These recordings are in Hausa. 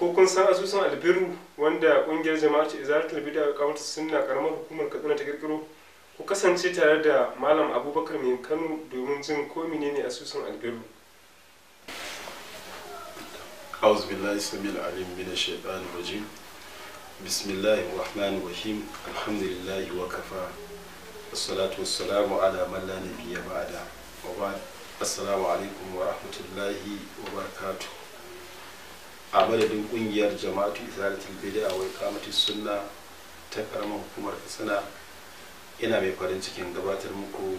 ko kun san asusun albiru wanda kungiyar jama'ar ce izaratul bid'a ga kamar sunna karamar hukumar Katsina ta kirkiro ku kasance tare da malam Abubakar mai Kano domin jin ko menene asusun albiru أعوذ بالله السميع العليم من الشيطان الرجيم بسم الله الرحمن الرحيم الحمد لله وكفى والسلام على من لا نبي بعده وبعد السلام عليكم ورحمة الله وبركاته a madadin kungiyar jama'atu izalatul a wa iqamatus sunna ta karamar hukumar katsina ina mai farin cikin gabatar muku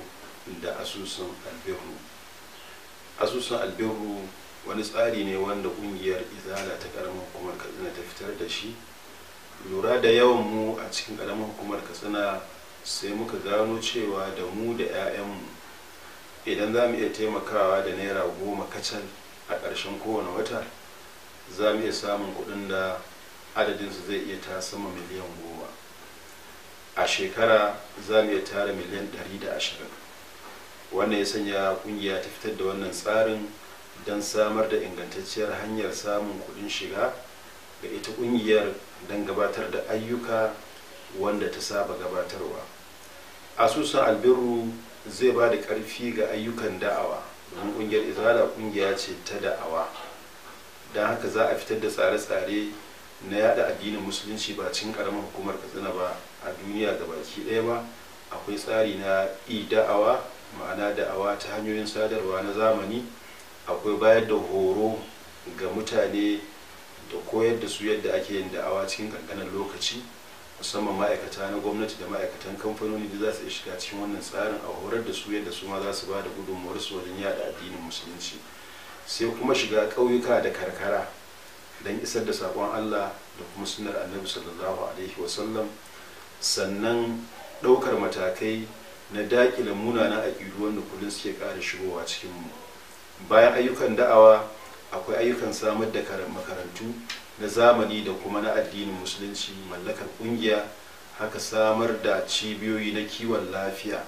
da asusun albihu asusun albihu wani tsari ne wanda kungiyar izala ta karamar hukumar katsina ta fitar da shi lura da yawan mu a cikin karamar hukumar katsina sai muka gano cewa da mu da 'ya'yanmu idan za mu iya taimakawa da naira goma kacal a ƙarshen kowane wata za mu iya samun kuɗin da adadinsu zai iya ta sama miliyan goma a shekara za mu iya tara miliyan 120 wannan ya sanya kungiya ta fitar da wannan tsarin don samar da ingantacciyar hanyar samun kuɗin shiga ga ita kungiyar don gabatar da ayyuka wanda ta saba gabatarwa asusun albiru zai ba da ƙarfi ga ayyukan da'awa don kungiyar izala kungiya ce ta da'awa don haka za a fitar da tsare-tsare na yada addinin musulunci ba cikin karamar hukumar katsina ba a duniya ga baki ɗaya ba akwai tsari na i-da'awa ma'ana da'awa ta hanyoyin sadarwa na zamani akwai bayar da horo ga mutane da koyar da su yadda ake yin da'awa cikin kankanin lokaci musamman ma'aikata na gwamnati da ma'aikatan kamfanoni da za su shiga cikin wannan tsarin a horar da su yadda su ma za su ba da su wajen yada addinin musulunci sai kuma shiga ƙauyuka da karkara don isar da saƙon allah da kuma sunar annabi sallallahu alaihi wasallam sannan ɗaukar matakai na daƙile munanan aƙidu wanda kullum suke ƙara shigowa cikin mu bayan ayyukan da'awa akwai ayyukan samar da makarantu na zamani da kuma na addinin musulunci mallakar ƙungiya haka samar da cibiyoyi na kiwon lafiya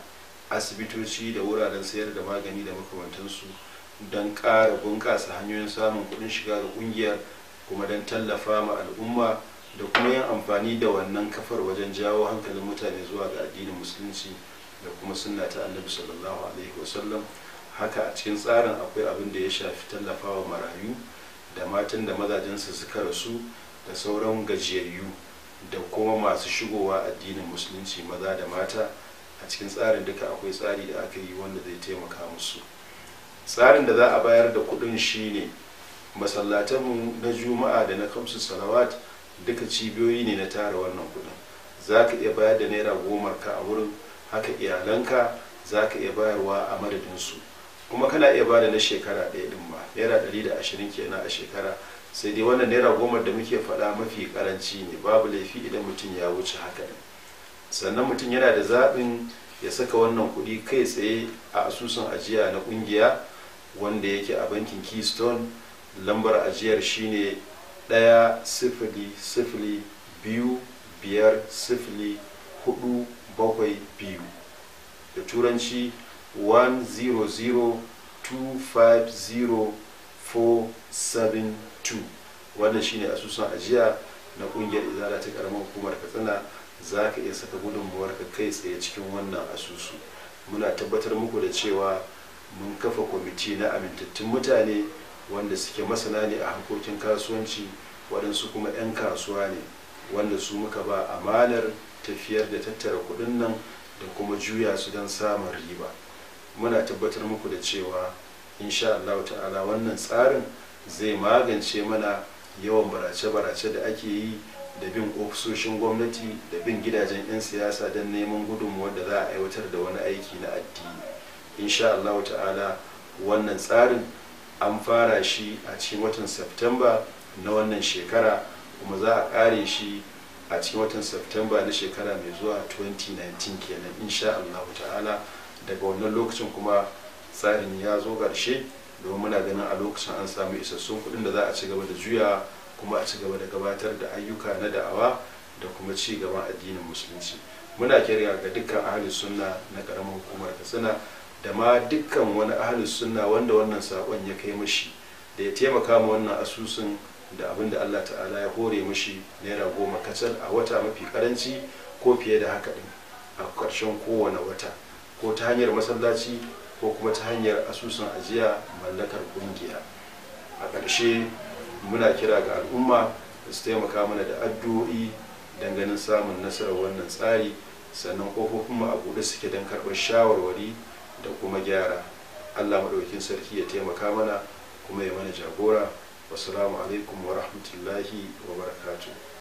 asibitoci da wuraren sayar da magani da makamantansu don ƙara bunƙasa hanyoyin samun kuɗin shiga ga ƙungiyar kuma don tallafa ma al'umma da kuma yin amfani da wannan kafar wajen jawo hankalin mutane zuwa ga addinin musulunci da kuma sunna ta annabi sallallahu alaihi wasallam haka a cikin tsarin akwai abin da ya shafi tallafawa marayu da matan da mazajen su suka rasu da sauran gajiyayyu da kuma masu shigowa addinin musulunci maza da mata a cikin tsarin duka akwai tsari da aka yi wanda zai taimaka musu tsarin da za a bayar da kudin ne masallatanmu na juma'a da na kamsu salawat duka cibiyoyi ne na tara wannan kudin za ka iya bayar da naira gomar ka a wurin haka iyalanka za ka iya bayarwa a madadinsu kuma kana iya bada na shekara ɗaya din ma naira ɗari da ashirin kenan a shekara sai dai wannan naira goma da muke faɗa mafi karanci ne babu laifi idan mutum ya wuce haka ne sannan mutum yana da zaɓin ya saka wannan kuɗi kai tsaye a asusun ajiya na ƙungiya wanda yake a bankin keystone lambar ajiyar shine ɗaya sifili sifili biyu biyar sifili hudu bakwai biyu da turanci 100250472 wannan shine asusun ajiya na kungiyar izala ta karamar hukumar katsina za ka iya saka gudunmuwar ka kai tsaye cikin wannan asusu muna tabbatar muku da cewa mun kafa kwamiti na amintattun mutane wanda suke masana ne a harkokin kasuwanci waɗansu kuma 'yan kasuwa ne wanda su muka ba amanar tafiyar da tattara kuɗin nan da kuma juya su don samun riba muna tabbatar muku da cewa insha Allah ta'ala wannan tsarin zai magance mana yawan barace-barace da ake yi da bin ofisoshin gwamnati da bin gidajen 'yan siyasa don neman gudunmu da za a aiwatar da wani aiki na addini insha Allah ta'ala wannan tsarin an fara shi a cikin watan Septemba na wannan shekara kuma za a kare shi a cikin watan Septemba na shekara mai zuwa 2019 kenan insha Allah ta'ala daga wannan lokacin kuma tsarin ya zo ƙarshe domin muna ganin a lokacin an samu isassun kuɗin da za a ci gaba da juya kuma a ci gaba da gabatar da ayyuka na da'awa da kuma ci gaban addinin musulunci muna kirga ga dukkan ahli sunna na ƙaramin hukumar katsina da ma dukkan wani ahalus sunna wanda wannan sakon ya kai mashi da ya taimaka ma wannan asusun da abin da Allah ta'ala ya hore mashi naira goma kacal a wata mafi karanci ko fiye da haka din a ƙarshen kowane wata ko ta hanyar masallaci ko kuma ta hanyar asusun ajiya mallakar ƙungiya a ƙarshe muna kira ga al'umma da su taimaka mana da addu'o'i ganin samun nasarar wannan tsari sannan kofofin mu a buɗe suke don karɓar shawarwari da kuma gyara allah maɗaukin sarki ya taimaka mana kuma ya mana jagora wasu alaikum wa rahmatullahi wa barakatuh